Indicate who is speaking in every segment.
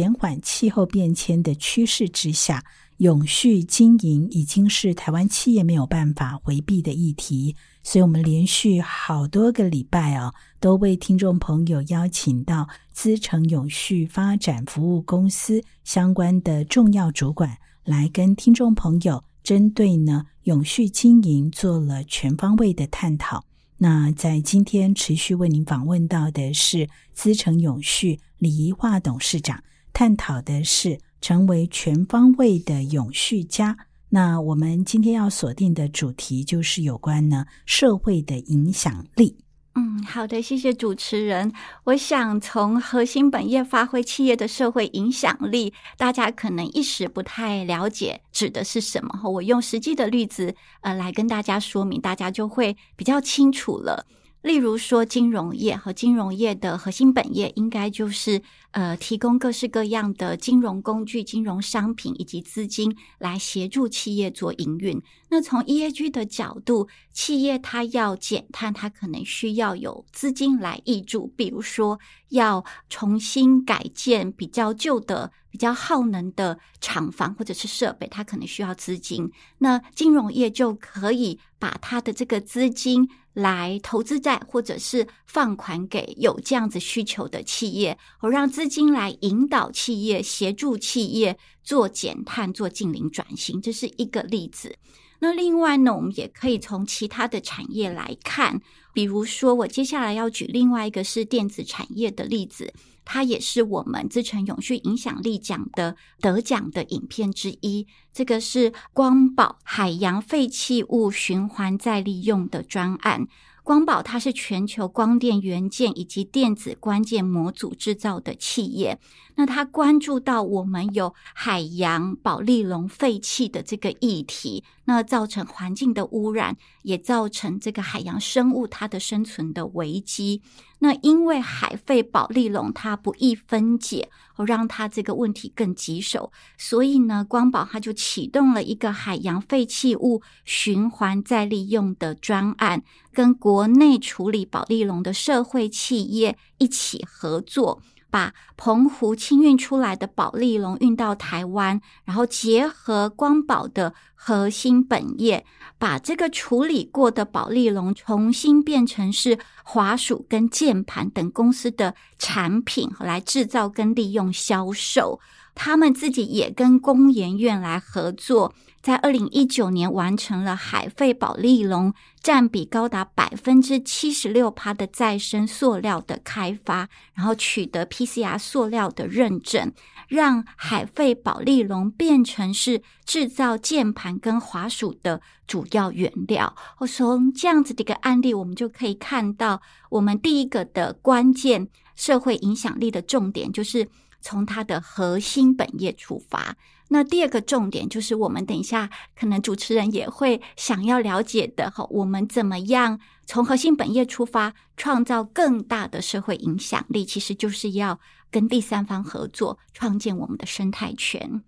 Speaker 1: 減緩氣候變遷的趨勢之下，永續經營已經是台灣企業沒有辦法迴避的議題。所以，我們連續好多個禮拜哦、啊，都為聽眾朋友邀請到資誠永續發展服務公司相關的重要主管來跟聽眾朋友針對呢永續經營做了全方位的探討。那在今天持續為您訪問到的是資誠永續李宜樺董事長。探討的是成為全方位的永續家。那我們今天要鎖定的主題就是有關呢社會的影響力。
Speaker 2: 嗯，好的，謝謝主持人。我想從核心本業發揮企業的社會影響力，大家可能一時不太了解指的是什麼。我用實際的例子，呃，來跟大家說明，大家就會比較清楚了。例如說金融業和金融業的核心本業應該就是。呃，提供各式各樣的金融工具、金融商品以及資金，來協助企業做營運。那從 ESG 的角度，企業它要減碳，它可能需要有資金來挹注，比如說要重新改建比較舊的、比較耗能的廠房或者是設備，它可能需要資金。那金融業就可以把它的這個資金來投資在，或者是放款給有這樣子需求的企業，而讓資資金來引導企業，協助企業做減碳、做淨零轉型，這是一個例子。那另外呢，我們也可以從其他的產業來看，比如說，我接下來要舉另外一個是電子產業的例子，它也是我們資誠永續影響力獎的得獎的影片之一。這個是光寶海洋廢棄物循環再利用的專案。光寶它是全球光電元件以及電子關鍵模組製造的企業，那它關注到我們有海洋保麗龍廢棄的這個議題。那造成環境的污染，也造成這個海洋生物它的生存的危機。那因為海廢保麗龍它不易分解，讓它這個問題更棘手。所以呢，光寶它就啟動了一個海洋廢棄物循環再利用的專案，跟國內處理保麗龍的社會企業一起合作。把澎湖清運出來的保麗龍運到台灣，然後結合光寶的核心本業，把這個處理過的保麗龍重新變成是滑鼠跟鍵盤等公司的產品來制造跟利用銷售。他們自己也跟工研院來合作。在二零一九年完成了海廢保麗龍佔比高達百分之七十六趴的再生塑料的開發，然後取得 PCR 塑料的認證，讓海廢保麗龍變成是製造鍵盤跟滑鼠的主要原料。我從這樣子的一個案例，我們就可以看到，我們第一個的關鍵社會影響力的重點，就是從它的核心本業出發。那第二個重點就是，我們等一下可能主持人也會想要了解的哈，我們怎麼樣從核心本業出發，創造更大的社會影響力？其實就是要跟第三方合作，創建我們的生態圈。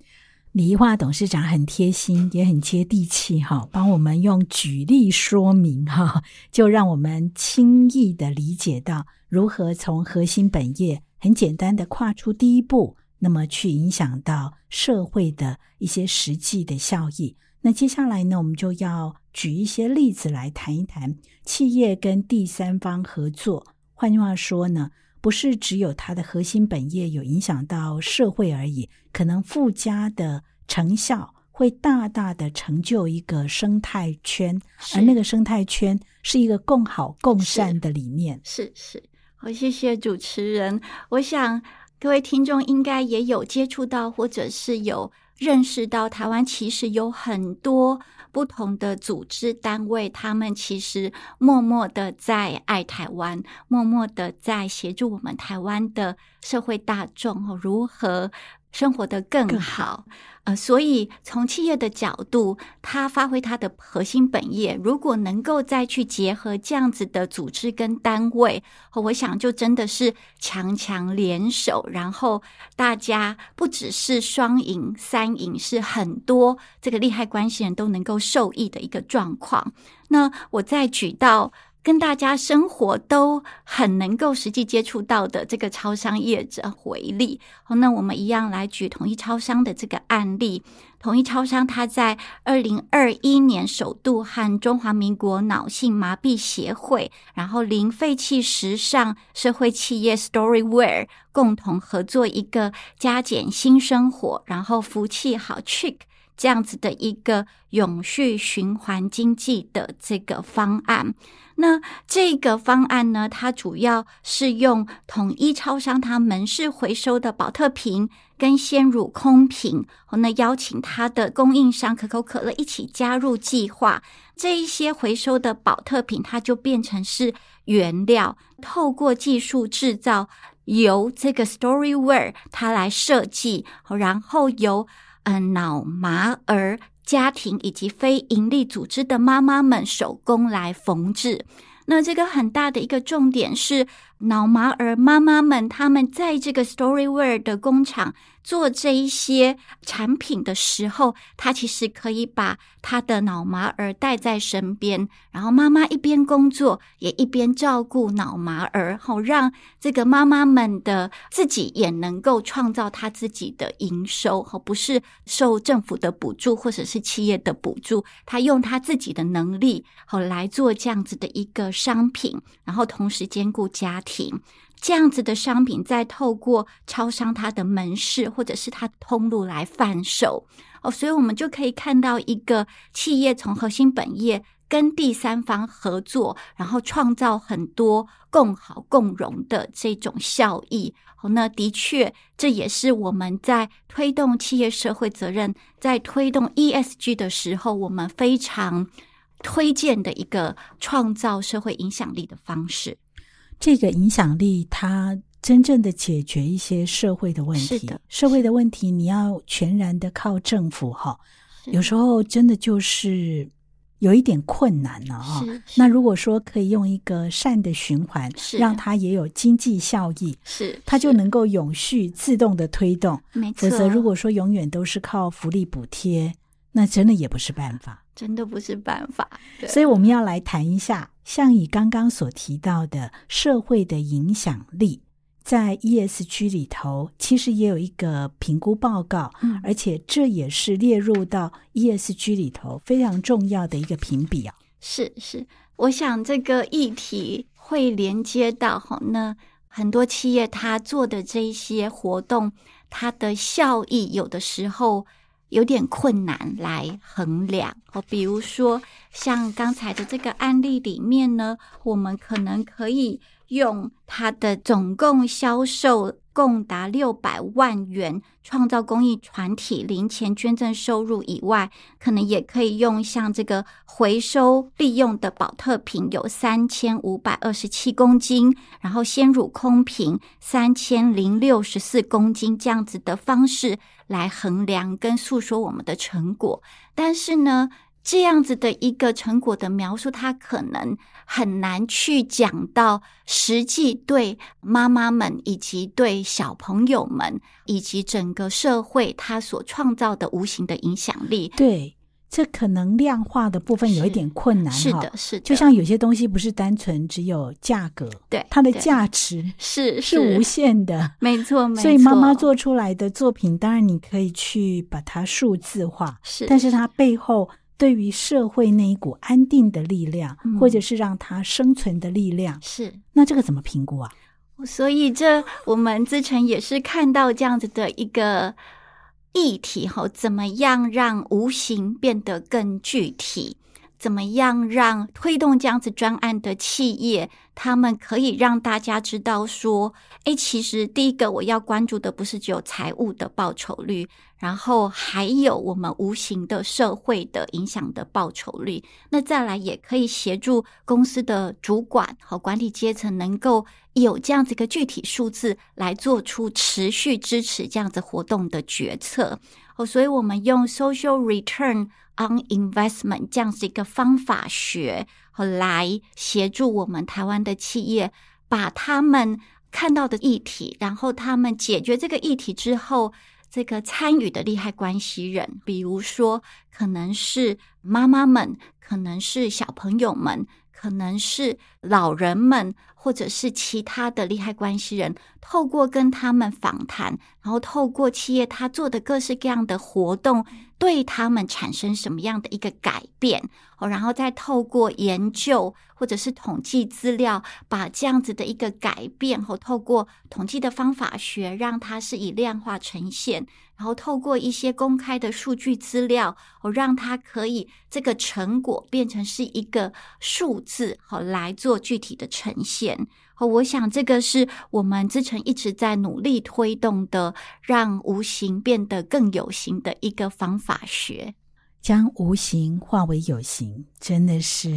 Speaker 1: 李宜樺董事長很貼心，也很接地氣哈，幫我們用舉例說明哈，就讓我們輕易的理解到如何從核心本業很簡單的跨出第一步。那麼去影響到社會的一些實際的效益。那接下來呢，我們就要舉一些例子來談一談企業跟第三方合作。換句話說呢，不是只有它的核心本業有影響到社會而已，可能附加的成效會大大的成就一個生態圈，而那個生態圈是一個共好共善的理念。
Speaker 2: 是是，是，我謝謝主持人，我想。各位聽眾應該也有接觸到，或者是有認識到台灣，台灣其實有很多不同的組織單位，他們其實默默的在愛台灣，默默的在協助我們台灣的社會大眾如何？生活得更，更好，呃，所以從企業的角度，他發揮他的核心本業，如果能夠再去結合這樣子的組織跟單位，我想就真的是強強聯手，然後大家不只是雙贏、三贏，是很多這個利害關係人都能夠受益的一個狀況。那我再舉到，跟大家生活都很能夠實際接觸到的這個超商業者為例，好，oh，那我們一樣來舉統一超商的這個案例。統一超商它在二零二一年首度和中華民國腦性麻痹協會，然後零廢棄時尚社會企業 Storywear 共同合作一個加減新生活，然後福氣好 trick。這樣子的一個永續循環經濟的這個方案，那這個方案呢，它主要是用統一超商他門市回收的寶特瓶跟鮮乳空瓶，哦，那邀請它的供應商可口可樂一起加入計劃，這一些回收的寶特瓶它就變成是原料，透過技術制造，由這個 StoryWare 它來設計，哦，然後由。嗯，腦麻兒家庭以及非營利組織的媽媽們手工來縫製。那這個很大的一個重點是，腦麻兒媽媽們，他們在這個 Story Wear 的工廠做這一些產品的時候，他其實可以把他的腦麻兒帶在身邊，然後媽媽一邊工作也一邊照顧腦麻兒，好、哦、讓這個媽媽們的自己也能夠創造他自己的營收，好、哦、不是受政府的補助或者是企業的補助，他用他自己的能力好、哦、來做這樣子的一個商品，然後同時兼顧家庭。品這樣子的商品，再透過超商它的門市或者是它通路來販售哦，oh, 所以我們就可以看到一個企業從核心本業跟第三方合作，然後創造很多共好共榮的這種效益。Oh, 那的確，這也是我們在推動企業社會責任，在推動 ESG 的時候，我們非常推薦的一個創造社會影響力的方式。
Speaker 1: 這個影響力，它真正的解決一些社會的問題。社會的問題，你要全然的靠政府哈、哦，有時候真的就是有一點困難了啊、哦。那如果說可以用一個善的循環，讓它也有經濟效益，是它就能夠永續自動的推動。否則，如果說永遠都是靠福利補貼，那真的也不是辦法。
Speaker 2: 真的不是辦法，所以我
Speaker 1: 們要來談一下，像你剛剛所提到的社會的影響力，在 ESG 裡頭，其實也有一個評估報告，嗯，而且這也是列入到 ESG 裡頭非常重要的一個評比啊、哦。
Speaker 2: 是是，我想這個議題會連接到那很多企業它做的這些活動，它的效益有的時候。有點困難來衡量哦，比如說像剛才的這個案例裡面呢，我們可能可以用它的總共銷售。共達六百萬元，創造公益團體零錢捐贈收入以外，可能也可以用像這個回收利用的寶特瓶有三千五百二十七公斤，然後鮮乳空瓶三千零六十四公斤這樣子的方式來衡量跟訴說我們的成果，但是呢。這樣子的一個成果的描述，它可能很難去講到實際對媽媽們以及對小朋友們以及整個社會它所創造的無形的影響力，對，
Speaker 1: 這可能量化的部分有一點困難。是，是的，是的。就像有些東西不是單純只有價格，對，它的價值
Speaker 2: 是是無限的。沒錯，沒錯。所以媽媽
Speaker 1: 做出來的作品，當然你可以去把它數字化，是，但是它背後。對於社會那一股安定的力量，嗯、或者是讓他生存的力量，是。那
Speaker 2: 這個怎麼評估啊？所以，這我們資誠也是看到這樣子的一個議題哈，怎麼樣讓無形變得更具體？怎麼樣讓推動這樣子專案的企業，他們可以讓大家知道說，誒，其實第一個我要關注的不是只有財務的報酬率，然後還有我們無形的社會的影響的報酬率。那再來也可以協助公司的主管和管理階層能夠有這樣子一個具體數字來做出持續支持這樣子活動的決策。哦，所以我們用 social return on investment 這樣子一個方法學，來協助我們台灣的企業，把他們看到的議題，然後他們解決這個議題之後，這個參與的利害關係人，比如說可能是媽媽們，可能是小朋友們。可能是老人們，或者是其他的利害關係人，透過跟他們訪談，然後透過企業他做的各式各樣的活動，對他們產生什麼樣的一個改變，然後再透過研究或者是統計資料，把這樣子的一個改變和透過統計的方法學，讓它是以量化呈現。然後透過一些公開的數據資料，我、哦、讓它可以這個成果變成是一個數字，好、哦、來做具體的呈現。哦、我想這個是我們資誠一直在努力推動的，讓無形變得更有形的一個方法學，
Speaker 1: 將無形化為有形，真的是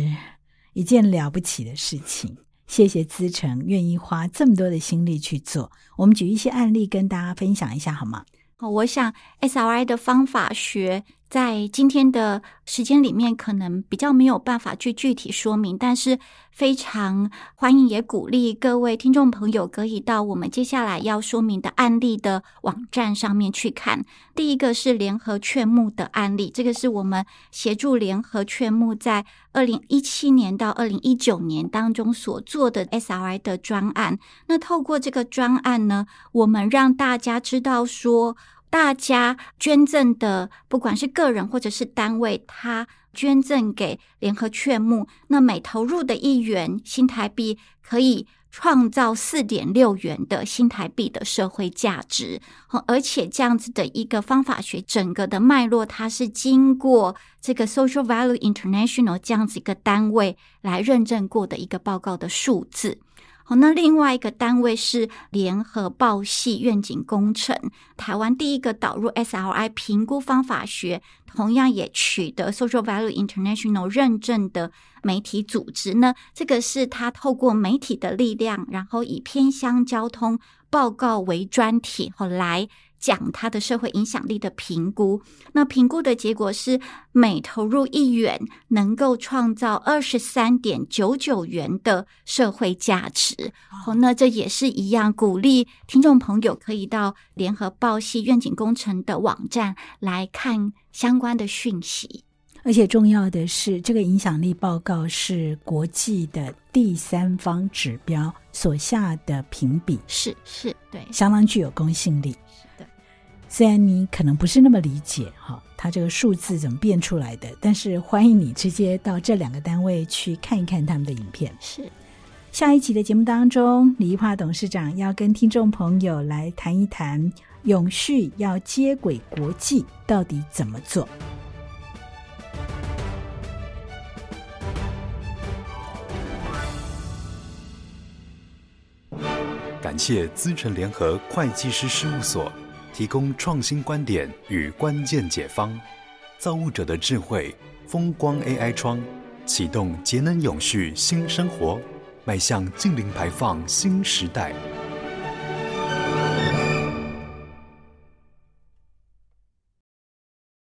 Speaker 1: 一件了不起的事情。謝謝資誠願意花這麼多的心力去做。我們舉一些案例跟大家分享一下，好嗎？
Speaker 2: 哦，我想 SROI 的方法學，在今天的時間裡面，可能比較沒有辦法去具體說明，但是非常歡迎也鼓勵各位聽眾朋友可以到我們接下來要說明的案例的網站上面去看。第一個是聯合勸募的案例，這個是我們協助聯合勸募在二零一七年到二零一九年當中所做的 SROI 的專案。那透過這個專案呢，我們讓大家知道說。大家捐贈的，不管是個人或者是單位，他捐贈給聯合勸募，那每投入的一元新台幣，可以創造四點六元的新台幣的社會價值，而且這樣子的一個方法學，整個的脈絡，它是經過這個 Social Value International 這樣子一個單位來認證過的一個報告的數字。好，那另外一個單位是聯合報系願景工程，台灣第一個導入 SROI 評估方法學，同樣也取得 Social Value International 認證的媒體組織呢。這個是他透過媒體的力量，然後以偏鄉交通報告為專題，好來。講他的社會影響力的評估，那評估的結果是每投入一元能夠創造二十三點九九元的社會價值。好、哦，那這也是一樣，鼓勵聽眾朋友可以到聯合報系願景工程的網站來看相關的訊息。而且重要的是，這個影響力報告
Speaker 1: 是國際的第三方指標。所下的評比是
Speaker 2: 是對，相
Speaker 1: 當具有公信力。是的，雖然你可能不是那麼理解哈，它、哦、這個數字怎麼變出來的，但是歡迎你直接到這兩個單位去看一看他們的影片。是下一期的節目當中，李宜樺董事長要跟聽眾朋友來談一談永續要接軌國際到底怎麼做。感謝資誠聯合會計師事務所提供創新觀點與關鍵解方，造物者的智慧，風光 AI 窗，啟動節能永續新生活，邁向淨零排放新時代。